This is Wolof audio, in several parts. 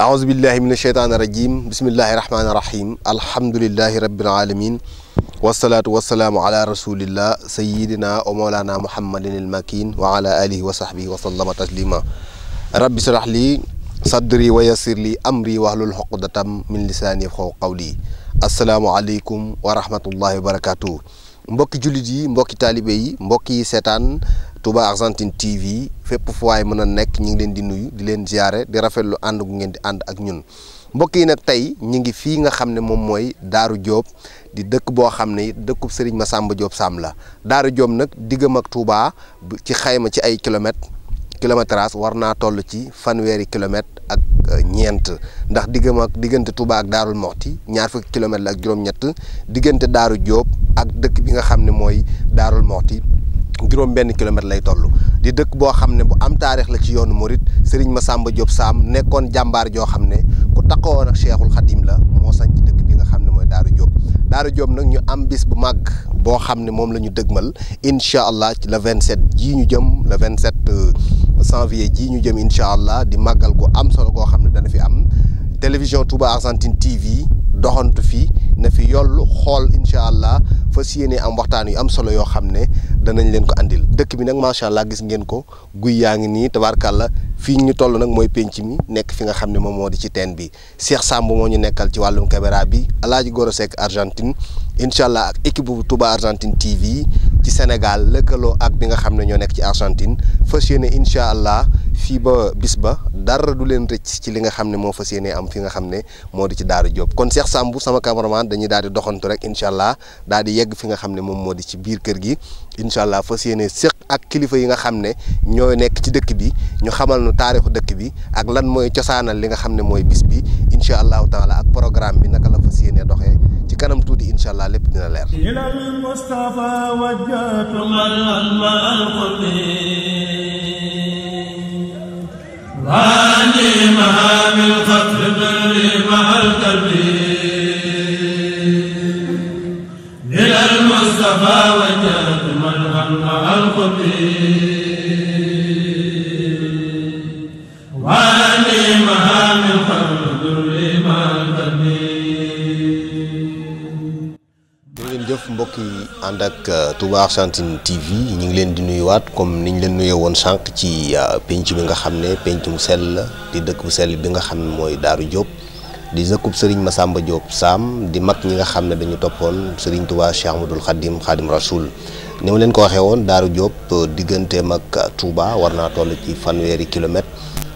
aousubillahi min asheytaani irajim bismillahi rahmaani rahim alhamdulilahi rabbil alamin wasalaatu wasalaamu ala rasulillah sayidina wa mawlana muhammadin il makin wa ala alihi wa sahbihi wa sallama taslima rabbi srah li sadri wa yassir li amri wahlul xoqdatam min lisaani yafqahu qawli asalaamu aleykum wa rahmatullahi wa barakatuh mbokki jullit yi mbokki taalibe yi mbokki seetaan Touba Argentine TV fépp fu mën a nekk ñu ngi leen di nuyu di leen ziare di rafetlu ànd gu ngeen di ànd ak ñun mbokk yi nag tey ñu ngi fii nga xam ne moom mooy Daaru Jóob di dëkk boo xam ne dëkku dëkkub ma sàmba Diop Sam la Daaru Jóob nag diggam ak Touba ci xayma ci ay kilomètres kilométrage war naa toll ci fanweeri kilomètres ak euh, ñeent ndax diggam ak diggante Touba ak Daarul Moxti ñaar fukki kilomètres la ak juróom-ñett diggante Daaru Jóob ak dëkk bi nga xam ne mooy Daarul Moxti juróom benn kilomètre lay toll di dëkk boo xam ne bu am taarix la ci yoonu Mouride ma Massamba Diop Sam nekkoon jàmbaar joo xam ne ku takkoo nag Cheikhul Khadim la moo sañ dëkk bi nga xam ne mooy Daaru Diop Daaru Diop nag ñu am bis bu màgg boo xam ne moom la ñu dëgmal incha allah ci le 27 jii ñu jëm le 27 euh, janvier jii ñu jëm incha allah di màggal gu am solo goo xam ne dana fi am télévision Touba Argentine TV doxantu fi na fi yollu xool incha allah. fas yéene am waxtaan yu am solo yoo xam ne danañ leen ko indil dëkk bi nag macha allah gis ngeen ko guy yaa ngi nii tabaarkàlla fii ñu toll nag mooy penc mi nekk fi nga xam ne moom moo di ci teen bi Cheikh Samb moo ñu nekkal ci wàllum caméra bi Alaaji Goro Seck Argentine incha allah ak équipe bu Touba Argentine TV ci Sénégal lëkkaloo ak bi nga xam ne ñoo nekk ci Argentine fas yéene incha allah fii ba bis ba dara du leen rëcc ci li nga xam ne moo fas yéene am fi nga xam ne moo di ci Daaru Jóob kon Cheikh Samb sama cameraman dañuy daal di doxantu rek incha allah daal di yegg fi nga xam ne moom moo di ci biir kër gi incha allah fas yéene séq ak kilifa yi nga xam ne ñoo nekk ci dëkk bi ñu xamal nu taarixu dëkk bi ak lan mooy cosaanal li nga xam ne mooy bis bi incha allahu taala ak programme bi naka la fas doxee. kanam tuuti incha allah lépp dina leer. وأني مهام القتل بري مع القلب إلى المصطفى وجهت ملغا مع القلب mbokk yi ànd ak euh, Touba Argentine TV ñu ngi leen di nuyuwaat comme ni ñu leen nuyee woon sànq ci euh, penc bi nga xam ne penc mu sell di dëkk bu sell bi nga xam ne mooy Daaru Diop di dëkkub Serigne Massamba Diop Sam di mag ñi nga xam ne dañu toppoon Serigne Touba Cheikh Ahmadoul Khadim Khadim Rasoul ni ma leen ko waxee woon Daaru Diop euh, digganteem ak Touba war naa toll ci fanweeri kilomètre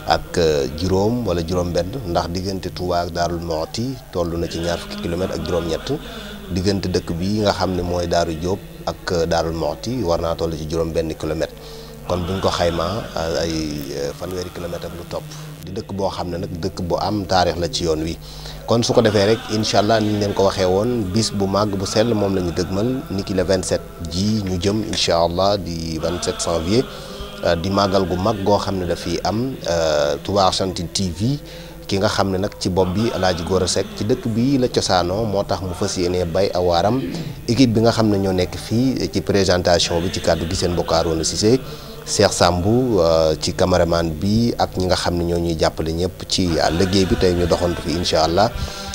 ak juróom wala juróom-benn ndax diggante tubaa ak Daarul Mooti toll na ci ñaar fukki kilomètre ak juróom-ñett. diggante dëkk bi nga xam ne mooy Daaru Jóob ak euh, Daarul Moxti war naa toll ci juróom benn kilomètre kon buñ ko xayma euh, ay euh, fanweeri kilomètre ak lu topp di dëkk boo xam ne nag dëkk bu am taarix la ci yoon wi kon su ko defee rek incha allah ni leen ko waxee woon bis bu màgg bu sell moom la ñu dëgmal niki vingt 27 ji ñu jëm incha allah di 27 janvier di màggal gu mag goo xam ne dafiy am Touba Argentine TV ki nga xam ne nag ci bopp bi El Hadj Gora Seck ci dëkk bi la cosaanoo moo tax mu fas yéenee bay awaaram équipe bi nga xam ne ñoo nekk fii ci présentation bi ci kàddu gi seen mbokk Arouna Cissé Cheikh Sambou euh, ci caméraman bi ak ñi nga xam ne ñoo ñuy jàppale ñëpp ci liggéey bi tey ñu doxantu fi incha allah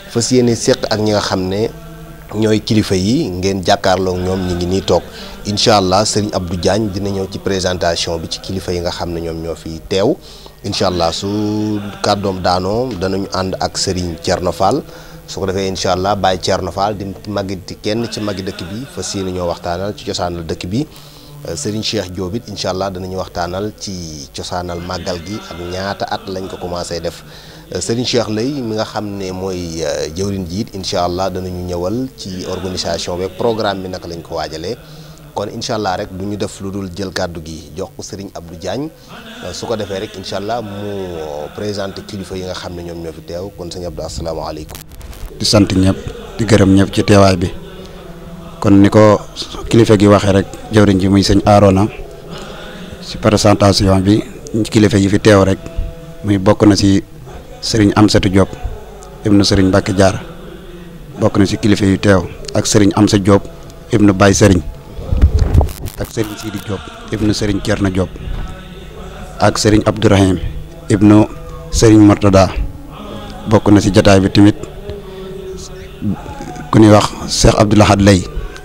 fas yéene seq ak ñi nga xam ne ñooy kilifa yi ngeen jàkkaarloog ñoom ñi ngi nii toog incha allah Serigne Abdou Diagne dina ñëw ci présentation bi ci kilifa yi nga xam ne ñoom ñoo fi teew. incha allah su kàddoom daanoo danañu ànd ak Serigne Thierno Fall su ko defee incha allah Baye Thierno Fall di magi kenn ci magi dëkk bi fas yéene ñoo waxtaanal ci cosaanal dëkk bi euh, Serigne Cheikh Diop it incha allah danañu waxtaanal ci cosaanal màggal gi ak ñaata at lañ ko commencé def euh, Serigne Cheikh lay mi nga xam ne mooy euh, jëwriñ ji it incha allah danañu ñëwal ci organisation bi programme bi naka lañ ko waajalee. kon incha allah rek du ñu def lu dul jël kàddu gi jox ko Serigne Abdou Diagne euh, su ko defee rek incha allah mu euh, présente kilifa yi nga xam ne ñoom ñoo fi teew kon sëñ Abdou asalaamaaleykum. di sant ñëpp di gërëm ñëpp ci teewaay bi kon ni ko kilifa gi waxee rek jëwriñ ji muy sëñ Arona si présentation bi kilifa yi fi teew rek muy bokk na si ci Serigne Amsatou Diop ibnu Serigne Mbacke jaar bokk na si kilifa yu teew ak Serigne Amsa Diop ibnu Baye sëriñ sëriñ Sidi Diop ibnu sëriñ Thierno Diop ak sëriñ Abdourahim ibnu sëriñ Mortada bokk na ci jataay bi tamit ku nuy wax Cheikh Abdoul Ahad Lay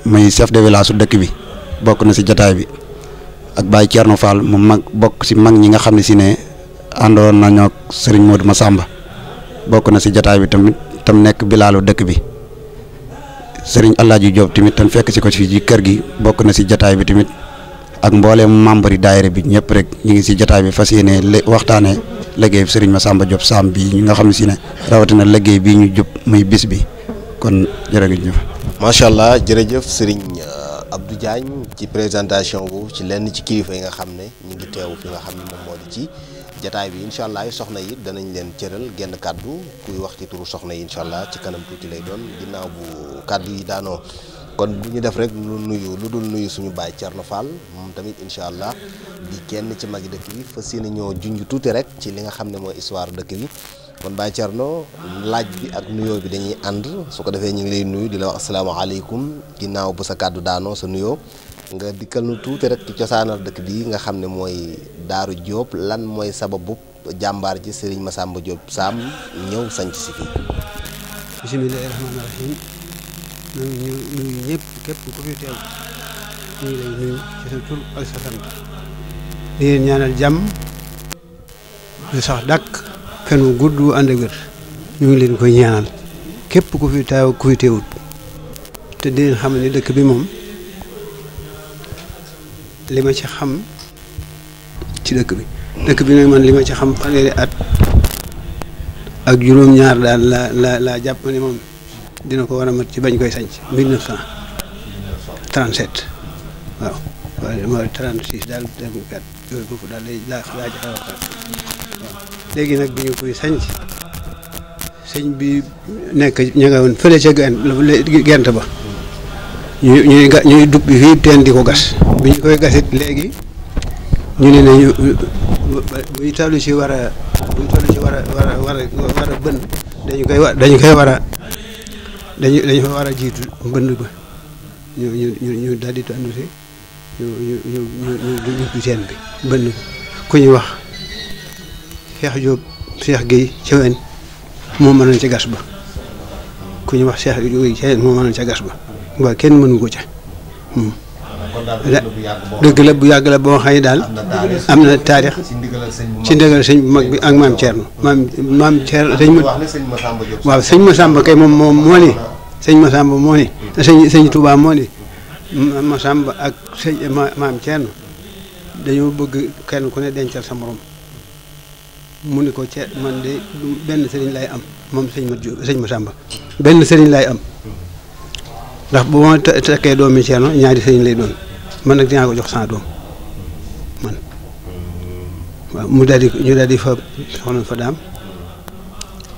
muy chef de village dëkk bi bokk na ci jataay bi ak Baye Thierno Fall mu bokk ci mag ñi nga xam ne si ne àndoon nañoo ak sëriñ Modou bokk na ci jataay bi tamit tam nekk bilaalu dëkk bi. sëriñ Alaaji Diop tamit tam fekk ci ko ci kër gi bokk na ci jataay bi tamit ak mbooleem membre yi daayira bi ñëpp rek ñu ngi si jotaay bi fas yéene lé waxtaanee liggéey Serigne Massamba Diop Sam bi ñu nga xam ne si ne rawatina liggéey bii ñu jub muy bis bi kon jërëjëf. macha allah jërëjëf Serigne euh, Abdou Diagne ci présentation bu ci lenn ci kilifa yi nga xam ne ñu ngi teew fi nga xam ne moom moo di ci jataay bi incha allah soxna yi danañ leen cëral genn kàddu kuy wax ci turu soxna yi incha allah ci kanam tuuti lay doon ginnaaw bu kàddu yi daanoo. kon bu ñu def rek lu nuyu lu dul nuyu suñu baay Thierno Fall moom tamit incha allah di kenn ci magi dëkk bi fas yéene ñoo junj tuuti rek ci li nga xam ne mooy histoire dëkk bi kon baay Thierno laaj bi ak nuyoo bi dañuy ànd su ko defee ñu ngi lay nuyu di la wax asalaamaaleykum ginnaaw bu sa kàddu daanoo sa nuyoo nga dikkal nu tuuti rek cosaanal dëkk bi nga xam ne mooy Daaru Diop lan mooy sababu jàmbaar ji ma Massamba Diop Sam ñëw sanc si fii. nuyu nuyu ñëpp képp ku fi teew ci sa tur ak sa sant di leen ñaanal jàmm lu sax dàkk fen wu gudd wu ànd ak wér ñu ngi leen koy ñaanal képp ku fi teew ku fi teewut te di leen xam ni dëkk bi moom li ma ci xam ci dëkk bi dëkk bi nag man li ma ci xam fanweeri at ak juróom-ñaar daal la la laa jàpp ne moom dina ko war a mat ci bañ koy sanc 1937 waaw waaye mooy 36 daal 2004 yooyu foofu daal lay laa laa waaw léegi nag bi ñu koy sanc sëñ bi nekk ña fële ca gent ba ñuy ñuy ga ñuy dugg fii teen di ko gas bi ñu koy gasit léegi ñu ne nañu buy tollu ci war a buy tollu ci war a war a war dañu koy wa dañu dañu fa war a jiitu mbënd ba ñu ñu ñu ñu daal di tànn si ñu ñu ñu ñu ñu seen bi mbënd ku ñuy wax Cheikh Diop Cheikh Guèye Thiawène moo mënoon ca gas ba ku ñuy wax Cheikh Guèye Thiawène moo mënoon ca gas ba waaw kenn mënu ko ca hmm. dëgg la bu yàgg la boo xam ne daal am na taarix ci ndigal sëñ bu mag bi ak maam Thierno maam maam Thierno sëñ ma waaw sëñ Masamba kay moom moom moo ne sëñ Masamba moo ni sëñ sëñ Touba moo ni Masamba ak sëñ maam Thierno dañoo bëgg kenn ku ne dencal sa morom mu ni ko cee man de benn sëriñ lay am moom sëñ ma benn sëriñ lay am ndax bu ma takkee doomi Thierno ñaari sëñ lay doon man nag dinaa ko jox sans doom man mu daal di ñu daal fa soxna fa daam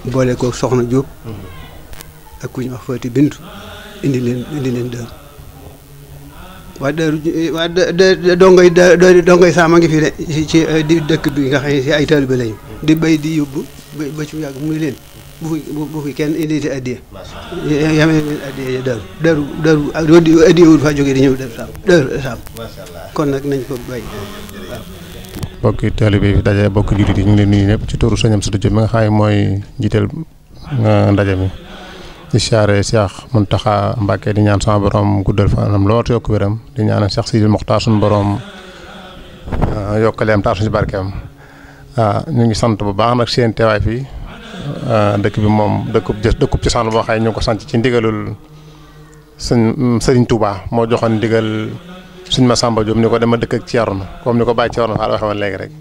boole ko soxna Diop ak ku ñu wax Faati Bintu indi leen indi leen dër waa daaru eh, waa dongoy dongoy saam a ngi fi de ci eh, di dëkk bi nga xam si ay taalibe lañu di bay di yóbbu ba ci yàgg muy leen bu kenn indi te addiya yamee leen addiya ya daaru daaru daaru addiya di fa jógee di ñëw daaru saam daaru saam kon nag nañ ko bay bokki taalibe bi daje bokki jullit yi ñu ngi leen nuyu ñëpp ci turu sëñam Sadu Jóob mi nga xam ne mooy njiiteel uh, ndaje mi di siyaare Cheikh taxa Mbacké di ñaan sama borom guddal fanam lool yokk wéram di ñaanal Cheikh Sidil Mokhtar suñu boroom ah, yokkaleem taar suñu barkeem ah, ñu ngi sant bu baax nag seen teewaay fii ah, dëkk bi moom dëkkub jë dëkkub ci sant boo xay ñu ngi ko sant ci ndigalul sëñ Serigne Touba moo joxoon ndigal suñ Massamba Diop ni ko dama dëkk ak Thierno comme ni ko Baye Thierno Fall waxee woon léegi rek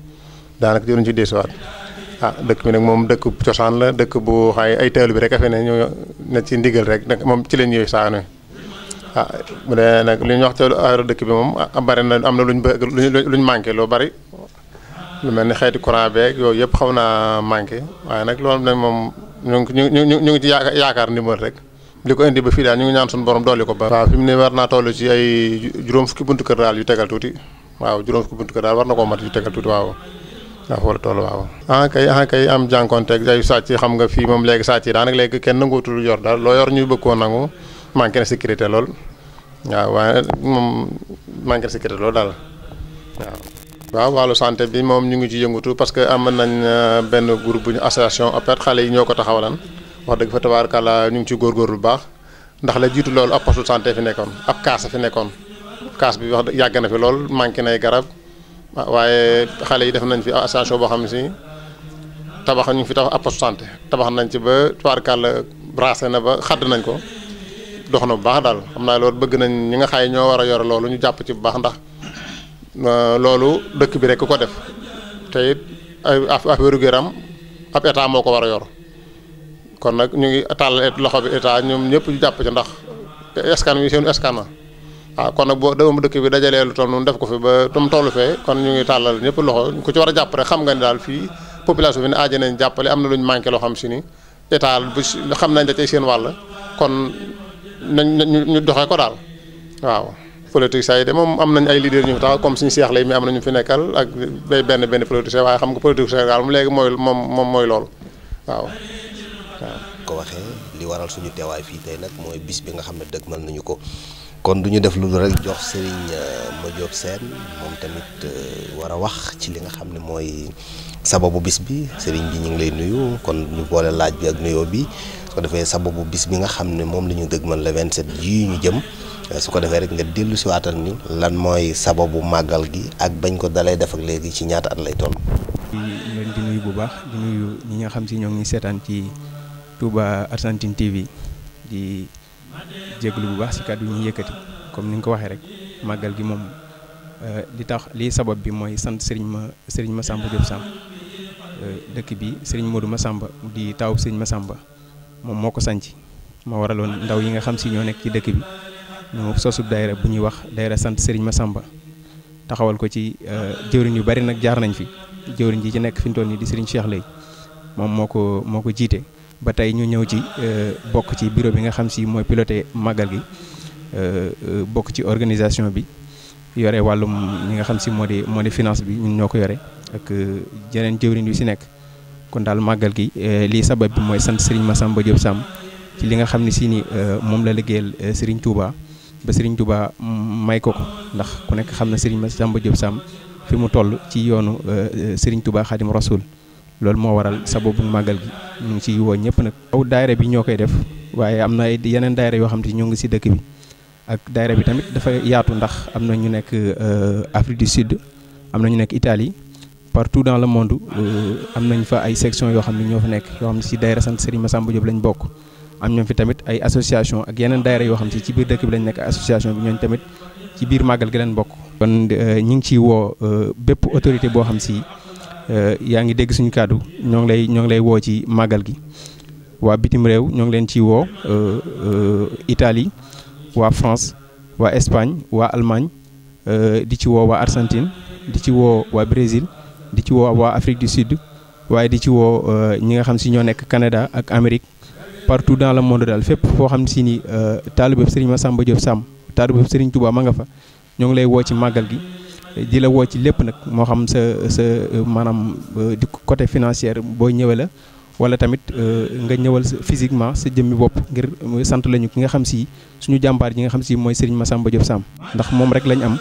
daanaka jëruñ ci deesuwaat. ah dëkk bi nag moom dëkk cosaan la dëkk bu xay ay taalibe bi rek a fe ne ñu ne ci ndigal rek nag moom ci leen ñuy saanoy ah bu dee nag li ñu wax ci a dëkk bi moom ah, bari na am na lu ñu luñ manqué loo bari lu mel ni xeeti courant beeg yooyu yëpp xaw naa manqué waaye nag loolu nag moom ñu ñu ñu ngi ñu ngi ci yaakaar ndimbal rek li ko indi ba fii daal ñu ngi ñaan suñu borom dolli ko ba waaw fi mu ne war naa toll ci ay juróom fukki buntu kër daal yu tegal tuuti waaw juróom fukki buntu kër daal war na koo mat yu tegal waaw daa fa war a toll waaw ah kay ah kay am jànkonteeg ay sàcc xam nga fii moom léegi sàcc yi daanaka léegi kenn nangootul yor daal loo yor ñu bëgg koo nangu manqué na sécurité lool waaw waaye moom manqué na sécurité daal waaw. waaw wàllu santé bi moom ñu ngi ci yëngatu parce que am nañ euh, benn groupe bu ñu association OPET xale yi ñoo ko taxawalan wax dëgg fa tabaarkàlla ñu ngi ci góorgóorlu bu baax ndax la jiitu loolu ab poste santé fi nekkoon ab kaas fi nekkoon kaas bi wax yàgg na fi lool manqué nay garab. waaye xale yi def nañ fi station boo xam ne si tabax ñu fi tax ab poste santé tabax nañ ci ba tubaarkàlla brasé na ba xadd nañ ko dox na bu baax daal xam naa loolu bëgg nañ ñi nga xay ñoo war a yor loolu ñu jàpp ci bu baax ndax euh, loolu dëkk bi rek ko def te it affaire yaram ab état moo ko war a yor kon nag ñu ngi tàllal loxo bi état ñoom ñëpp ñu jàpp ci ndax escan wi seen escan na ah kon nag boo doomu dëkk bi dajalee lu toll noonu def ko fi ba tam tollu fee kon ñu ngi tàllal ñëpp loxo ku ci war a jàpp xam nga ni daal fii population bi jàppale am na lu ñu manqué loo xam si ni état bu xam nañ da cay seen wàll kon nañ ñu doxee ko daal waaw. politique saa yi de moom am nañ ay leader ñu fi taxaw comme suñu seex lay mi am nañu fi nekkal ak bay benn benn politique waaye xam nga politique Sénégal mu léegi mooy moom moom mooy lool waaw ko waxee li waral suñu teewaay fii tey nag mooy bis bi nga xam ne dëgmal nañu ko. kon du ñu def lu rek jox sëriñ euh, Madiop Sène moom tamit euh, war a wax ci li nga xam ne mooy sababu bis bi sëriñ bi ñu ngi lay nuyu kon ñu boole laaj bi ak nuyoo bi su ko defee sababu bis bi nga xam ne moom la ñu mën la le 27 ji ñu jëm euh, su ko defee rek nga dellu si waatal ni lan mooy sababu màggal gi ak bañ ko dalay def ak léegi ci ñaata at lay toll. leen di nuyu bu baax di nuyu ñi nga xam si ñoo ngi seetaan ci Touba Argentine TV jégalu bu baax si bi ñu yëkkati comme ni nga ko waxee rek màggal gi moom euh, li tax lii sabab bi mooy sant Serigne ma Serigne Massamba Diop Samb euh, dëkk bi Serigne Modou Massamba di taw ma Massamba moom moo ko sanc ma waraloon ndaw yi nga xam si ñoo nekk ci dëkk bi ñoo sosub daayira bu ñuy wax daayira sant ma Massamba taxawal ko ci euh, jëwriñ yu bari nag jaar nañ fi jëwriñ ji ci nekk fi mu toll nii di Serigne Cheikh Lay moom moo ko moo ko jiite. ba tey ñu ñëw ci euh, bokk ci bureau bi nga xam si mooy piloté màggal gi euh, euh, bokk ci organisation bi yore wàllum ñi nga xam si moo di moo di finance bi ñun ñoo ko yore ak jeneen jëwriñ yu si nekk kon daal màggal gi lii sabab bi mooy sant Serigne Massamba Diop Samb ci li nga xam ne si ni moom la liggéeyal Serigne Touba ba Serigne Touba may ko ko ndax ku nekk xam na Serigne Massamba job Samb fi mu toll ci yoonu Serigne Touba Khadim Rasoul loolu moo waral sababu màggal gi ñu ngi ciy woo ñëpp nag. aw daayira bi ñoo koy def waaye am na yeneen daayira yoo xam si ñoo ngi ci dëkk bi ak daayira bi tamit dafa yaatu ndax am na ñu nekk euh, Afrique du Sud am na ñu nekk Italie partout dans le monde euh, am nañ fa ay sections yoo xam ne ñoo fa nekk yoo xam si ci daayira sant Serigne Massamba Diop lañ bokk. am ñoom fi tamit ay association ak yeneen daayira yoo xam ne ci biir dëkk bi lañ nekk association bi ñooñ tamit ci biir màggal gi leen bokk. kon euh, ñu ngi ciy woo bépp autorité boo xam si. Euh, yaa ngi dégg suñu kàddu ñoo ngi lay ñoo ngi lay woo ci màggal gi waa bitim réew ñoo ngi leen ci woo euh, euh, Italie waa France waa Espagne waa Allemagne di ci woo waa Argentine di ci woo waa Brésil di ci woo waa Afrique du Sud waaye di ci woo ñi nga xam si ñoo nekk Canada ak Amérique partout dans le monde daal fépp foo xam si ni taalibu Serigne Massamba Diop Sam taalibu Serigne Touba ma nga fa ñoo ngi lay woo ci màggal gi. di la woo ci lépp nag moo xam sa sa maanaam euh, di côté financière boo ñëwee la wala tamit euh, nga ñëwal sa physiquement sa jëmmi bopp ngir sant lañu ki nga xam si suñu jàmbaar ji nga xam si mooy ma Massamba Diop Sam ndax moom rek lañu am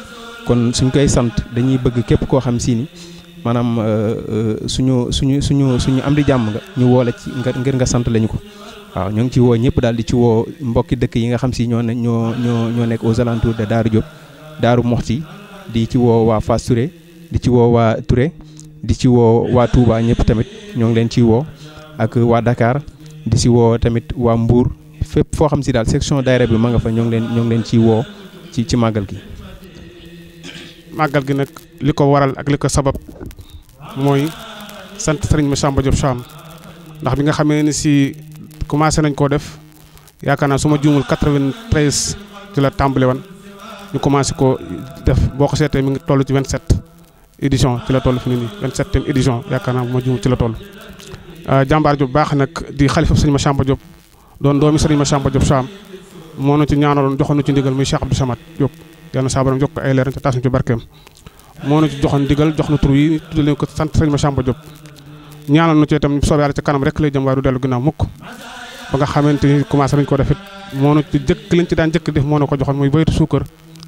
kon suñu koy sant dañuy bëgg képp koo xam si ni maanaam euh, suñu suñu suñu suñu am di jàmm nga ñu woo la ci ngir nga sant lañu ko. waaw ñoo ngi ci woo ñëpp daal di ci woo mbokki dëkk yi nga xam si ñoo ne ñoo ñoo ñoo nekk aux alentours de Daaru Diop Daaru Moxti di ci woo waa Fass Touré di ci woo waa Touré di ci woo waa ñëpp tamit ñoo ngi leen ci woo ak waa Dakar di si woo tamit waa Mbour fépp foo xam si daal section daayira bi ma nga fa ñoo leen ñoo leen ci woo ci ci màggal gi. màggal gi nag li ko waral ak li ko sabab mooy sant sëriñ Massamba Diop Cham ndax bi nga xamee ni si commencé nañ koo def yaakaar naa su ma juumul 93 ci la tàmbali woon ñu commencé ko def boo ko seetee mi ngi toll ci 27 édition ci la toll fi mu ne nii 27e édition yaakaar naa bu ma ci la toll. Euh, jàmbaar ju di xalifa sëñ Massamba Diop doon doomi sëñ Massamba Diop Sam moo nu ci ñaanaloon joxoon nu ci ndigal na saa ci barkeem moo nu ci joxoon jox nu tur yi tudd leen ko sant sëñ Massamba Diop ñaanal nu ci itam soobee yàlla ci kanam rek lay jëm du dellu ginnaaw mukk ba nga xamante ni commencé nañ ko def it moo nu ci jëkk liñ ci daan jëkk def moo nu ko joxoon muy baytu suukar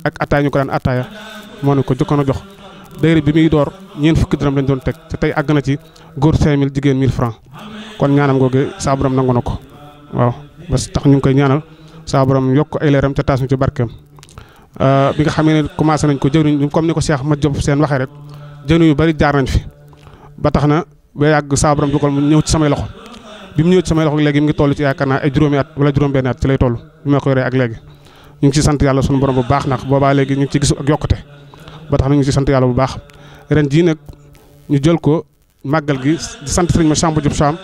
ak attaaya ñu ko daan attaaya moo ne ko jëkkoon a jox bi muy door ñeent fukki dërëm lañ doon teg te tey àgg na ci góor 5000 jigéen 1000 francs kon ñaanam googu saa borom nangu na ko waaw parce que tax ñu ngi koy ñaanal saa borom yokk ay leeram te taas ci barkeem. Euh, bi nga xamee ne commencé nañ ko ñu comme ni ko Cheikh ma Diop seen waxee rek jëriñ yu bari jaar nañ fi ba tax na ba yàgg saa borom dugal mu ñëw ci samay loxo bi mu ñëw ci samay loxo léegi mu ngi wala juróom-benn at lay toll bi ma ko ñu ngi ci sant yàlla sunu borom bu baax nag boobaa léegi ñu ngi ci gis ak yokkute ba tax na ñu ngi ci sant yàlla bu baax ren jii nag ñu jël ko màggal gi sant sëriñ ma Samba Diop Sam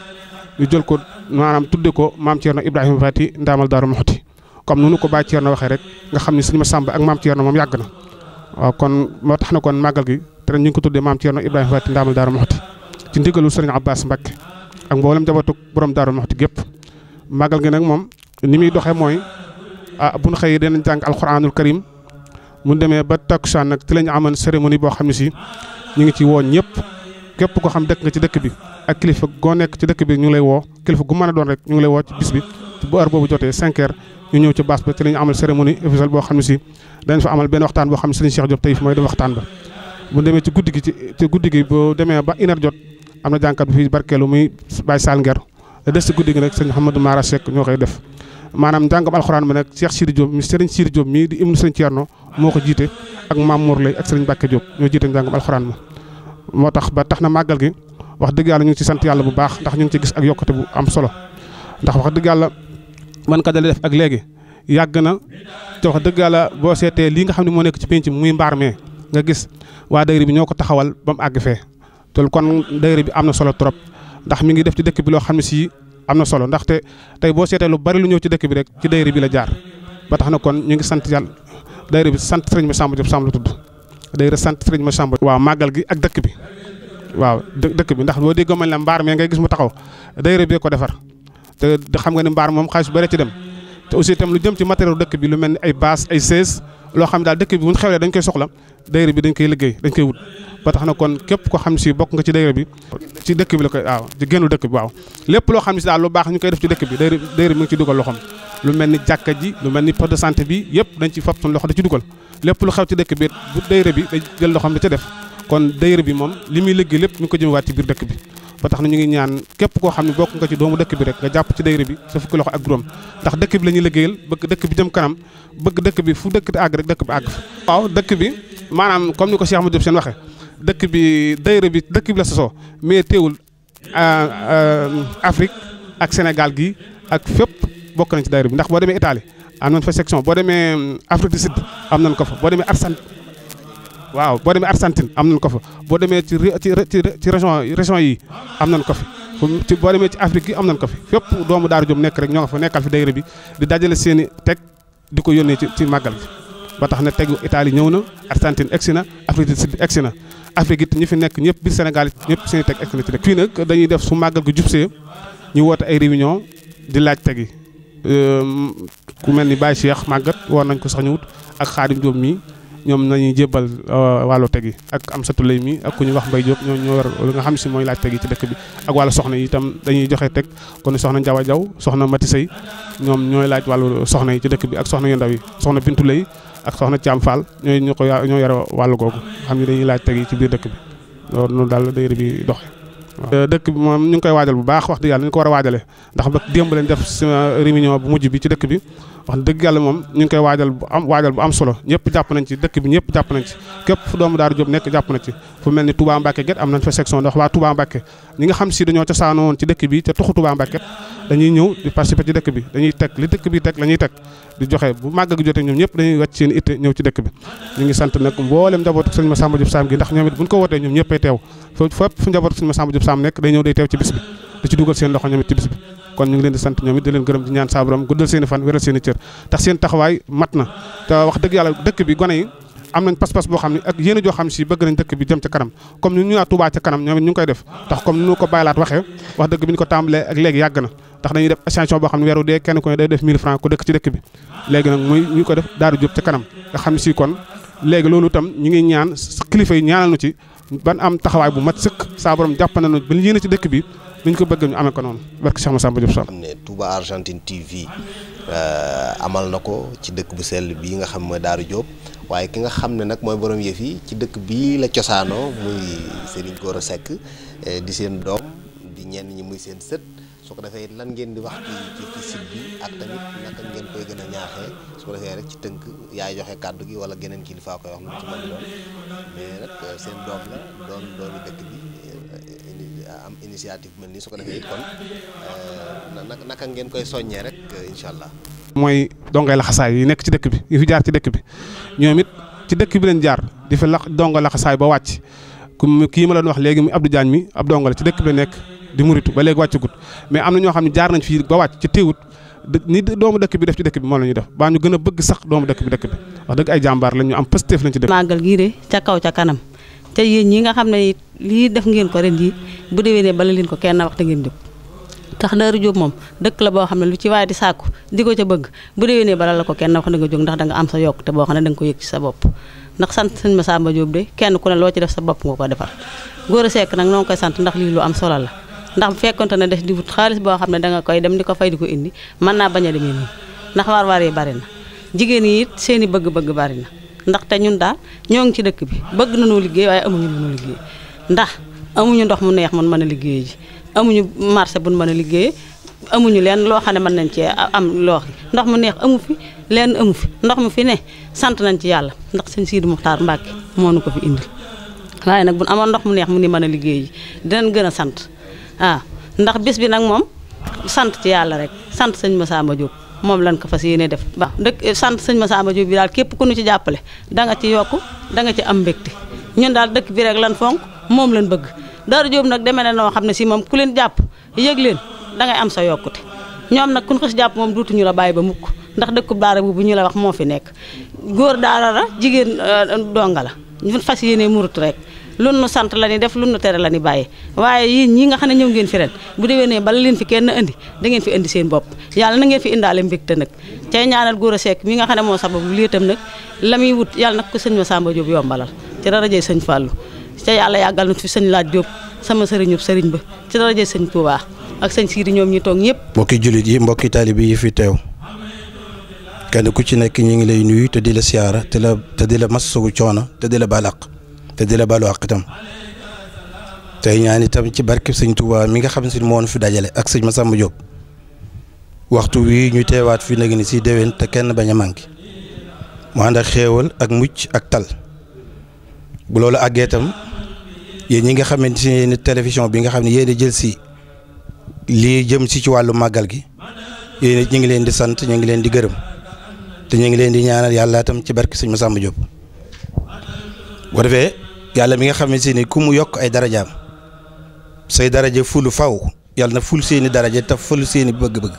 ñu jël ko maanaam tudde ko maam Thierno Ibrahima Fati ndaamal Daaru Muxti comme nu ko Baye Thierno waxee rek nga xam ne sëriñ ma Samba ak maam Thierno moom yàgg na waaw kon moo tax na kon màggal gi te ñu ngi ko tuddee maam Thierno Ibrahima Fati ndaamal Daaru Muxti ci ndigalu sëriñ Abbas Mbacke ak mboolem jabatug borom Daaru Muxti gépp màggal gi nag moom ni muy doxee mooy ah bu ñu xëyee dinañ jàng alxuraanul karim mu demee ba takkusaan nag ci lañu amoon cérémonie boo xam ne si ñu ngi ci woo ñëpp képp koo xam dëkk nga ci dëkk bi ak kilifa goo nekk ci dëkk bi ñu ngi lay woo kilifa gu mën a doon rek ñu ngi lay woo ci bis bi bu heure boobu jotee 5 heures ñu ñëw ci bâche ba ci lañu amal cérémonie officielle boo xam ne si dañ fa amal benn waxtaan boo xam ne Serigne Cheikh Diop Taïf mooy def waxtaan ba bu demee ci guddi gi ci ci guddi gi bu demee ba une heure jot am na jànkat bu fi barkeelu muy Baye Sall Nguer des ci gi rek sëñ Mara Seck ñoo koy def maanaam njàngam alxuraan bi nag Cheikh Siri Diop mi Serigne Siri Diop mii di ibnu Serigne Thierno moo ko jiite ak maam Mor Lay ak Serigne Bakke Diop ñoo jiite njàngam alxuraan ma moo tax ba tax na màggal gi wax dëgg yàlla ñu ngi ci sant yàlla bu baax ndax ñu ngi ci gis ak yokkute bu am solo ndax wax dëgg yàlla man ka dale def ak léegi yàgg na te wax dëgg yàlla boo seetee lii nga xam ne moo nekk ci penc muy mbaar mee nga gis waa dayri bi ñoo ko taxawal ba mu àgg fee te kon dayri bi am na solo trop ndax mi ngi def ci dëkk bi loo xam ne si am na solo ndaxte tay boo seetee lu bari lu ñëw ci dëkk bi rek ci dayri bi la jaar ba tax na kon ñu ngi sant yal dayri bi sant sëriñ ma Samba Diop Samb la tudd dayri sant sëriñ ma Samba waaw màggal gi ak dëkk bi waaw dëkk bi ndax boo déggoo mel ne mbaar mee ngay gis mu taxaw dayri bi ko defar te xam nga ne mbaar moom xaalis bari ci dem te aussi itam lu jëm ci matériel dëkk bi lu mel ni ay bâche ay chaise loo xam ne daal dëkk bi bu ñu xewlee dañ koy soxla daayira bi dañ koy liggéey dañ koy wut ba tax na kon képp ko xam si bokk nga ci daayira bi ci dëkk bi la koy waaw ci génnu dëkk bi waaw lépp loo xam ne si daal lu baax ñu koy def ci dëkk bi daayira daayira bi mu ngi ci lu mel ni jàkka ji lu mel ni poste de bi yëpp dañ ci fab suñu loxo da ci dugal lépp lu xew ci dëkk bi bu bi day jël loxoom da ca def kon daayira bi moom li muy liggéey lépp mi ngi ko jëmewaat ci biir dëkk bi ba tax na ñu ngi ñaan képp koo xam ne bokk nga ci doomu dëkk bi rek nga jàpp ci dayra bi sa fukki loxo ak juróom ndax dëkk bi la ñuy liggéeyal bëgg dëkk bi jëm kanam bëgg dëkk bi fu dëkk di àgg rek dëkk bi waaw dëkk bi maanaam comme ni ko Cheikh Amadou Diop seen waxee dëkk bi dayra bi dëkk bi la sosoo mais teewul euh, euh, Afrique ak Sénégal gi ak fépp bokk nañ ci dayra bi ndax boo demee Italie am nañ fa section boo demee euh, Afrique du Sud am nañ ko fa boo demee Arsène waaw boo demee Argentine am nañ ko fa boo demee ci ci ci région région yi am nañ ko fi ci boo demee ci Afrique yi am nañ ko fi fépp doomu Daaru Jom nekk rek ñoo nga fa nekkal fi daayira bi di dajale seeni teg di ko yónnee ci ci màggal bi ba tax na tegu Italie ñëw na Argentine egsi na Afrique du Sud egsi na Afrique it fi nekk ñëpp bi Sénégal ñëpp seen i teg egsi na ci rek fii nag dañuy def su màggal gi jubsee ñu woote ay réunion di laaj teg yi ku mel ni Baye Cheikh màggat war nañ ko sax ñëwut ak Xaadim Jom mii ñoom nañuy jébbal euh, wàllu tegi ak am satu lay mi ak ku ñu wax mbay jóob ñoo ñoo nga xam si mooy laaj tegi ci dëkk bi ak wàllu soxna yi itam dañuy joxe teg kon soxna Njawa Jaw soxna Mati Sey ñoom ñooy laaj wàllu soxna yi ci dëkk bi ak soxna yu ndaw yi soxna Bintu Lay ak soxna Caam Fall ñooy ñoo ko ñoo yore wàllu googu xam ne dañuy laaj teg ci biir dëkk bi loolu noonu daal daayira bi dëkk bi moom ñu ngi koy waajal bu baax wax dëgg yàlla ñu ko war a waajale ndax ba démb lañ def réunion bu mujj bi ci dëkk bi wax dëgg yàlla moom ñu ngi koy waajal bu am waajal bu am solo ñëpp jàpp nañ ci dëkk bi ñëpp jàpp nañ ci képp fu doomu Daaru Jóob nekk jàpp na ci fu mel ni Touba Mbacké get am nañ nga xam si dañoo cosaanoo woon ci dëkk bi te tuxu Touba dañuy ñëw di participer dañuy teg li dëkk bi teg la ñuy teg di joxe bu màgg gi jotee ñoom ñëpp dañuy wàcc seen itte ñëw ci dëkk bi ñu ngi sant nag mboolem njabootu sëñ Massamba Diop Sam gi ndax ñoom it buñ ko wootee ñoom nekk day ñëw day teew ci bis bi di ci dugal seen loxo ñoom it ci bis bi kon ñu ngi leen di sant ñoom it di leen gërëm di ñaan saa guddal seen fan wéral seen cër tax seen taxawaay mat na te wax dëgg yàlla dëkk bi gone yi am nañ pas-pas boo xam ne ak yéen a joo xam si dëkk bi jëm ca kanam comme ni ko bàyyilaat ko tàmbalee ak léegi yàgg na tax dañuy def extension boo xam ne weeru dee kenn ku ne day def 1000 ci kanam nga xam si kon léegi loolu tam ñu ngi ñaan kilifa yi ñaanal nu ci ban am taxawaay bu mat sëkk saa borom jàpp nañu ba yéen ci dëkk bi duñ ko bëgg ñu amee ko noonu barke Cheikh Massamba Diop Fall. ne Touba Argentine TV euh, amal na ko ci dëkk bu sell bii nga xam mooy Daaru Diop waaye ki nga xam ne nag mooy boroom yëf yi ci dëkk bii la cosaanoo muy Serigne Gora sekk euh, di seen doom di ñenn ñi muy seen sët. soo ko defee lan ngeen di wax ci ci bi ak tamit naka ngeen koy gën a ñaaxee su ko defee rek ci tënk yaay joxe kàddu gi wala geneen kilifa koy wax lu ci mën doon mais nag euh, seen doom la doon doomi dëkk bi. am initiative mel nii su ko defee it kon euh, naka ngeen koy soññee rek incha allah. mooy dongay laxasaay yi nekk ci dëkk bi yi fi jaar ci dëkk bi ñoom it ci dëkk bi leen jaar di fa lax donga laxasaay ba wàcc ku kii ma leen wax léegi muy Abdou Diagne mi ab donga la ci dëkk bi la nekk di muritu ba léegi wàccagut mais am na ñoo xam ne jaar nañ fii ba wàcc ci téewut ni doomu dëkk bi def ci dëkk bi moom la ñuy def baa ñu gën a bëgg sax doomu dëkk bi dëkk bi wax dëgg ay jàmbaar lañ ñu am pësteef lañ ci dëkk. màggal ca kaw ca kanam. te yéen ñi nga xam ne lii def ngeen ko ren yi bu déwénee bala leen ko kenn wax te ngeen jóg tax Daaru Jóob moom dëkk la boo xam ne lu ci waaye di sàkku di ko ca bëgg bu dee déwénee bala la ko kenn wax da nga jóg ndax da nga am sa yokk te boo xam ne da nga ko yëg ci sa bopp ndax sant sëñ Massamba Diop de kenn ku ne loo ci def sa bopp nga ko defal góor sekk nag noo koy sant ndax lii lu am solo la ndax bu fekkonte ne def di wut xaalis boo xam ne da nga koy dem di ko fay di ko indi mën naa bañ a demee nii ndax waar waar yi bari na jigéen yi it seen i bëgg-bëgg bari na ndaxte ñun daal ñoo ngi ci dëkk bi bëgg nañoo liggéey waaye amuñu lu ñu liggéey ndax amuñu ndox mu neex mun mën a liggéey ji amuñu marché buñ mën a liggéey amuñu leen loo xam ne mën nañ cee am loo ndox mu neex amu fi leen amu fi ndox mu fi ne sant nañ ci yàlla ndax sëñ Sidi Muxtaar Mbàkke moo nu ko fi indil waaye nag bu amoon ndox mu neex mu ni mën a liggéey ji dinañ gën a sant waaw ndax bis bi nag moom sant ci yàlla rek sant sëñ Massamba Diop moom lan ko fas yéene def ba ndëkk eh, sant sëñ Massamba Diop bi daal képp ku nu ci jàppale danga ci yokk danga nga ci am mbégte ñun daal dëkk bi rek lan fonk moom lañ bëgg Daaru Diop nag deme na noo xam ne si moom ku leen jàpp yëg leen da ngay am sa yokkute ñoom nag kun ko jàpp moom duutuñu la bàyyi ba mukk ndax dëkkub daara bu bu ñu la wax moo fi nekk góor daara la jigéen eh, donga la ñu fas yéene murut rek lu nu sant la ni def lu nu tere la ni bàyyi waaye yéen ñi nga xam ne ñëw ngeen fi ren bu déwénee bala leen fi kenn indi da ngeen fi indi seen bopp yàlla na ngeen fi indaale mbégte nag cay ñaanal góor a seek mi nga xam ne moo sabab lii itam nag la muy wut yàlla nag ko sëñ Massamba Diop yombalal ci darajey sëñ Fallou ca yàlla yàggal na fi sëñ Laaj Diop sama sëriñub sëriñ ba ci darajey sëñ Touba ak sëñ Sidi ñoom ñi toog ñëpp mbokki jullit yi mbokki taalibi yi fi teew kenn ku ci nekk ñi ngi lay nuyu te di la siyaara te la te di la massawu coono te di la balaq te di la balu àq itam tey ñaan itam ci barkeb sëñ Touba mi nga xam si moo fi dajale ak sëñ Massamba Diop waxtu wi ñu teewaat fii nag ni si déwén te kenn bañ a manqué mu ànd ak ak mucc ak tal bu loolu àggee itam ñi nga xamante ne télévision bi nga xam ne yéen a jël si lii jëm si ci wàllu màggal gi yéen ñu ngi leen di sant ñu ngi leen di gërëm te ñu ngi leen di ñaanal yàllaa tam ci barke sëñ Massamba Diop. bu ko defee yàlla mi nga xam ne si ku mu yokk ay darajaam say daraja fulu faw yàlla na ful seeni daraja te ful seeni bëgg-bëgg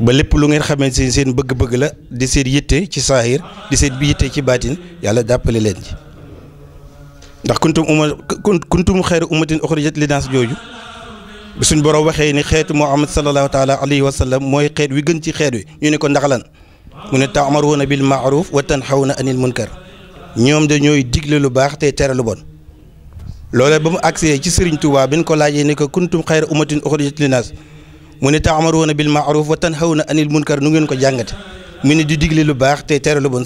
ba lépp lu ngeen xamee si seen bëgg-bëgg la di seen yitte ci saahir di seen bi yitte ci baatin yàlla jàppale leen ci ndax kuntum uma kuntum xeeru ummatin uxrijat linaas jooju bi suñ borom waxee ni xeetu Muhammad sallallahu taala alayhi wa sallam mooy xeet wi gën ci xeet wi ñu ne ko ndax lan mu ne taamaruuna bil maaruf wa tanxawna anil munkar ñoom dañooy digle lu baax tey tere lu bon loolee ba mu agsee ci Serigne Touba bi ñu ko laajee ne ko kuntum xayra ummatin uxrijat linnaas mu ne taamaruuna bil maaruf wa tanhawna anil munkar nu ngeen ko jàngate mu ne di digle lu baax te tere lu bon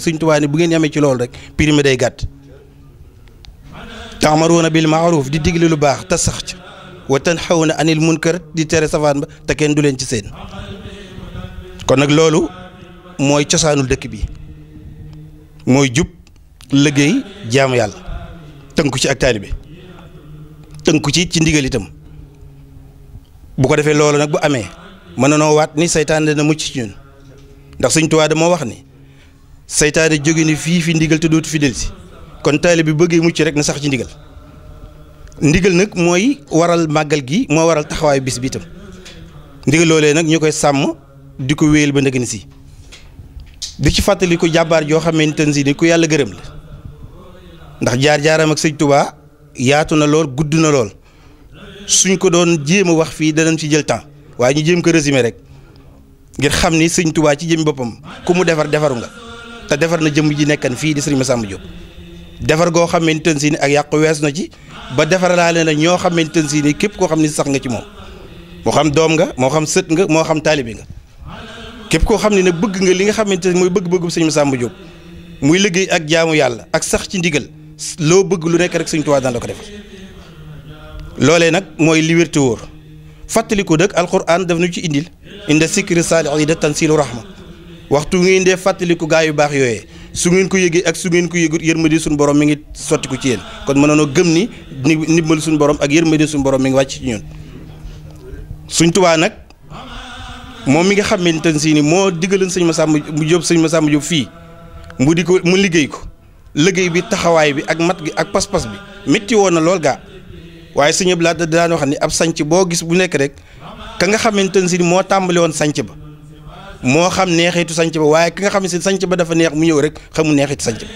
bu ngeen yamee ci loolu rek prix mi day gàtt taamaruuna bil maaruf di digle lu baax te sax ca wa tanhawna anil munkar di tere safaan ba te kenn du leen ci seen kon nag loolu mooy cosaanul dëkk bi mooy jub. liggéey jaamu yàlla tënku ci ak taalibe tënku ci ci ndigal itam bu ko defee loolu nag bu amee mën na noo waat ni seytaane dana mucc ci ñun ndax Sëñ Tuubaa dama wax ni seytaane jóge ni fii fi ndigal te dootu fi si kon taalibe bi bëggee mucc rek na sax ci ndigal ndigal nag mooy waral màggal gi moo waral taxawaayu bis bi itam ndigal loolee nag ñu koy sàmm di ko wéyal ba ndëgën si di ci fàttaliku ko joo xamante ni si ni ku yàlla gërëm la ndax jaar-jaaram ak sëñ Touba yaatu na lool gudd na lool suñ ko doon jéem a wax fii danañ ci jël temps waaye ñu jéem ko résumé rek ngir xam ni sëñ Touba ci jëm boppam ku mu defar defaru nga te defar na jëm ji nekkan fii di ma Massamba Diop defar goo xamante ne si ni ak yàqu wees na ci ba defar laa na ñoo xamante ne si ni képp koo xam ni sax nga ci moom moo xam doom nga moo xam sët nga moo xam taalibe nga képp koo xam ne ne bëgg nga li nga xamante ne mooy bëgg-bëggu sëñ Massamba Diop muy liggéey ak jaamu yàlla ak sax ci ndigal. loo bëgg lu nekk rek Sëñ Tuubaa daan la ko defal loolee nag mooy li wér te wóor fàttaliku dëkk alxuraan daf ñu ci indil inda sikri saalihiina tanziilu rahma waxtu ngeen dee fàttaliku gaa yu baax yooyee su ngeen ko yëgee ak su ngeen ko yëgut yërmande suñu borom mi ngi sottiku ci yéen kon mën mënoonoo gëm ni ndimbal suñu borom ak yërmande suñu borom mi ngi wàcc ci ñun Sëñ Tuubaa nag moom mi nga xamante ne si ni moo diggaleen sëñ Masamba Jóob sëñ Masamba Jóob fii mu di ko mu liggéey ko liggéey bi taxawaay bi ak mat gi ak pas-pas bi métti woon na lool gaa waaye sëñ laa Lahad da daan wax ni ab sanc boo gis bu nekk rek ka nga xamante ne si moo tàmbali woon sanc ba moo xam neexitu sanc ba waaye ki nga xam ne si sanc ba dafa neex mu ñëw rek xamu neexitu sanc ba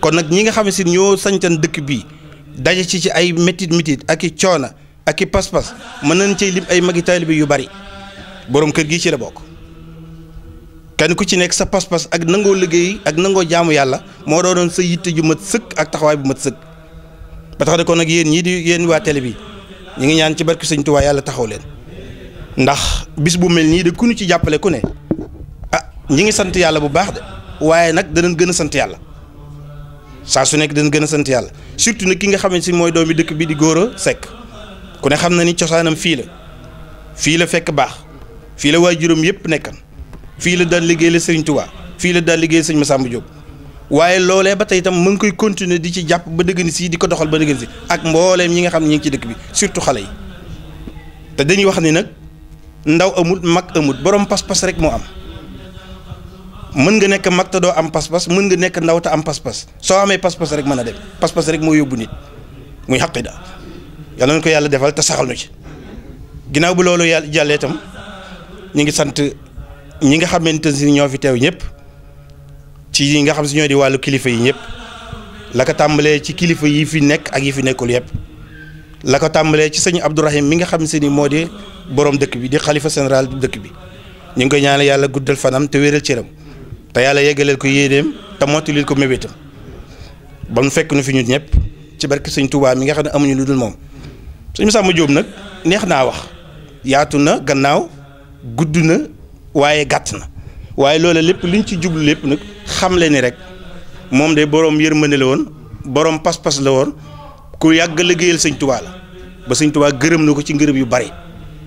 kon nag ñi nga xam ne si ñoo sancan dëkk bii daje ci ci ay métit métit ak i coona ak i pas-pas mën nañ cey lim ay magi taalibe yu bari borom kër gi ci la bokk kenn ku ci nekk sa pas-pas ak nangoo liggéey ak nangoo jaamu yàlla moo doonoon sa yitte ju mat sëkk ak taxawaay bu mat sëkk ba tax de kon nag yéen ñii di yéen waa télé bi ñu ngi ñaan ci barke Sëñ Tuubaa yàlla taxaw leen ndax bis bu mel nii de ku ñu ci jàppale ku ne ah ñi ngi sant yàlla bu baax de waaye nag danañ gën a sant yàlla saa su nekk danañ gën a sant yàlla surtout nag ki nga xamante si mooy doom doomi dëkk bi di Gora sekk ku ne xam na ni cosaanam fii la fii la fekk baax fii la waajuram yëpp nekkan fii la daan liggéey la sëriñ Touba fii la daan liggéey sëñ Massamba Diop waaye loolee ba tey tam mu ngi koy continuer di ci jàpp ba dëgg ni si di ko doxal ba dëgg si ak mbooleem ñi nga xam ne ñi ngi ci dëkk bi surtout xale yi te dañuy wax ni nag ndaw amut mag amut borom pas-pas rek moo am mën nga nekk mag te doo am pas-pas mën nga nekk ndaw te am pas-pas soo amee pas-pas rek mën a dem pas-pas rek moo yóbbu nit muy xaqida yal nañu ko yàlla defal te saxal nu ci ginnaaw ñi nga xamante si ñoo fi teew ñëpp ci yi nga xam si ñoo di wàllu kilifa yi ñëpp la ko tàmbalee ci kilifa yi fi nekk ak yi fi nekkul yëpp la ko tàmbalee ci sëñ Abdourahim mi nga xam si ni moo di borom dëkk bi di xalifa général dëkk bi ñu ngi koy ñaanal yàlla guddal fanam te wéral cëram te yàlla yeggaleel ko yéeneem te mottalil ko mébétam ba mu fekk nu fi ñun ñëpp ci barke sëñ Touba mi nga xam ne amuñu lu dul moom sëñ Samba Diop nag neex naa wax yaatu na gannaaw gudd na waaye gàtt na waaye loola lépp liñ ci jublu lépp nag xam le ni rek moom de boroom yërmande la woon boroom pas-pas la woon ku yàgg liggéeyal sëñ tubaa la ba sëñ tubaa gërëm na ko ci ngërëm yu bari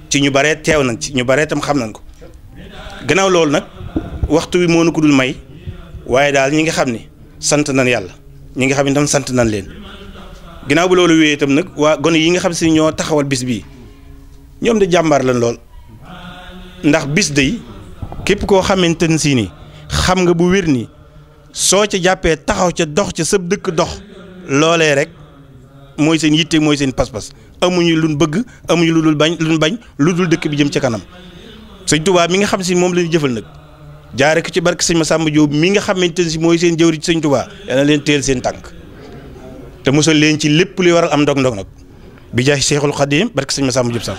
ci ñu baree teew nañ ci ñu baree tam xam nañ ko gannaaw loolu nag waxtu wi moo nu ko dul may waaye daal ñi nga xam ni sant nañ yàlla ñi nga xam ne tam sant nañ leen ginnaaw bu loolu wéyee itam nag waa gone yi nga xam si ñoo taxawal bis bii ñoom de jàmbaar lañ lool ndax bis day képp koo xamante ne si ni xam nga bu wér ni soo ca jàppee taxaw ca dox ca sëb dëkk dox loolee rek mooy seen yitte mooy seen pas-pas amuñu lu bëgg amuñu lu dul bañ luñ bañ lu dul dëkk bi jëm ca kanam sëñ Tuubaa mi nga xam si moom la ñu jëfal nag jaare ko ci barke sëñ mi nga xamante ne si mooy seen jëwri sëñ Tuubaa yal na leen teel seen tànk te musal leen ci lépp luy waral am ndog-ndog nag bi jaay Seexul Xadiim barke sëñ Masamba Jóob sax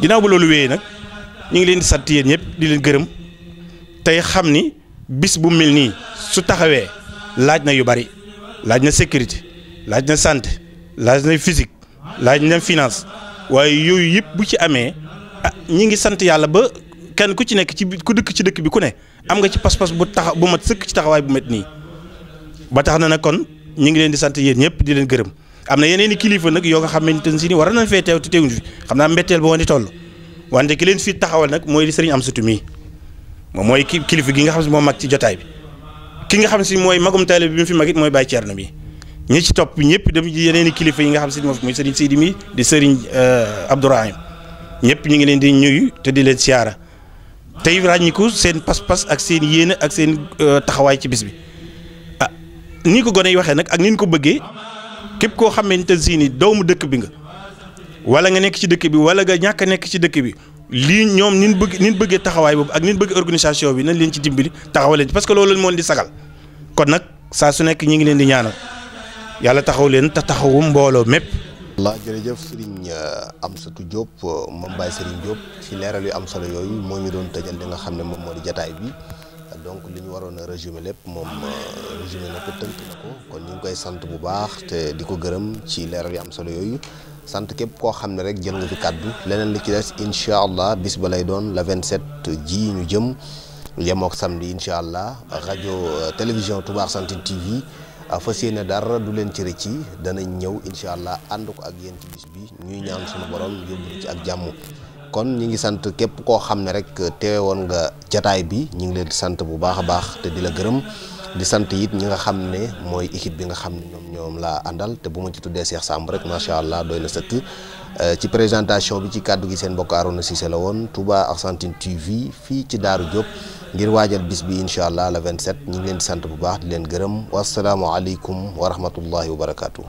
ginnaaw bu loolu wéyee nag. ñu ngi leen di sant yéen ñëpp di leen gërëm tey xam ni bis bu mel nii su taxawee laaj na yu bari laaj na sécurité laaj na santé laaj na physique laaj na finance waaye yooyu yëpp bu ci amee ah ñi ngi sant yàlla ba kenn ku ci nekk ci ku dëkk ci dëkk bi ku ne am nga ci pas-pas bu tax bu mat sëkk ci taxawaay bu met nii ba tax na nag kon ñu ngi leen di sant yéen ñëpp di leen gërëm am na yeneen i kilifa nag yoo nga xamante ne si ni war nañ fee teew te teewuñu fi xam naa mbetteel ni toll. wante ki leen fi taxawal nag mooy di sëriñ am sutu mii moom mooy ki kilifa gi nga xam si moo mag ci jotaay bi ki nga xam si mooy magum taale bi mu fi mag it mooy Baye Thierno bi ñu ci topp ñëpp dem yeneen i kilifa yi nga xam si moom mooy sëriñ Sidi mi di sëriñ euh, Abdourahim ñëpp ñu ngi leen di ñuyu te di leen siyaara tey ràññiku seen pas-pas ak seen yéene ak seen euh, taxawaay ci bis bi ah ni ko gone yi waxee nag ak ni ñu ko bëggee képp koo xamante ne si ni doomu dëkk bi nga. wala nga nekk ci dëkk bi wala nga ñàkk a nekk ci dëkk bi lii ñoom nin bëgg nin bëggee taxawaay boobu ak nin bëgg organisation bi nañ leen ci dimbali taxawal leen parce que loolu moo di sagal kon nag saa su nekk ñi ngi leen di ñaanal yàlla taxaw leen te taxawu mbooloo mépp la jërëjëf Serigne euh, Amsatou Diop euh, moom Baye Serigne Diop ci leeral yu am solo yooyu moo ñu doon tëjal li nga xam ne moom moo di jataay bi donc li ñu waroon a résumé lépp moom euh, résumé na ko tënk na ko kon ñu ngi koy sant bu baax te di ko gërëm ci leeral yu am solo yooyu sant képp koo xam ne rek jël nga fi kàddu leneen li ci des incha allah bis ba lay doon la vingt 27 ji ñu jëm yemook samedi incha allah rajo euh, télévision Touba Argentine TV fas yéene dara du leen cëre ci rëcc danañ ñëw incha allah ànd ko ak yéen ci bis bi ñuy ñaan suñu borom yóbbu ci ak jàmm. kon ñi ngi sant képp koo xam ne rek teewoon nga jataay bi ñu ngi leen di sant bu baax a baax te di la gërëm di sant it ñi nga xam ne mooy équipe bi nga xam ne ñoom ñoom laa àndal te bu ma ci tuddee Cheikh Samb rek macha allah doy na sëkk euh, ci présentation bi ci kàddu gi seen mbokk Arouna Cissé la woon Touba Argentine TV fii ci Daaru Diop ngir waajal bis bi incha allah le 27 ñu ngi leen sant bu baax di leen gërëm wasalaamualeykum wa rahmatullahi wa barakaatu.